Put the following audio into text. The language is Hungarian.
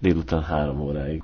délután három óráig.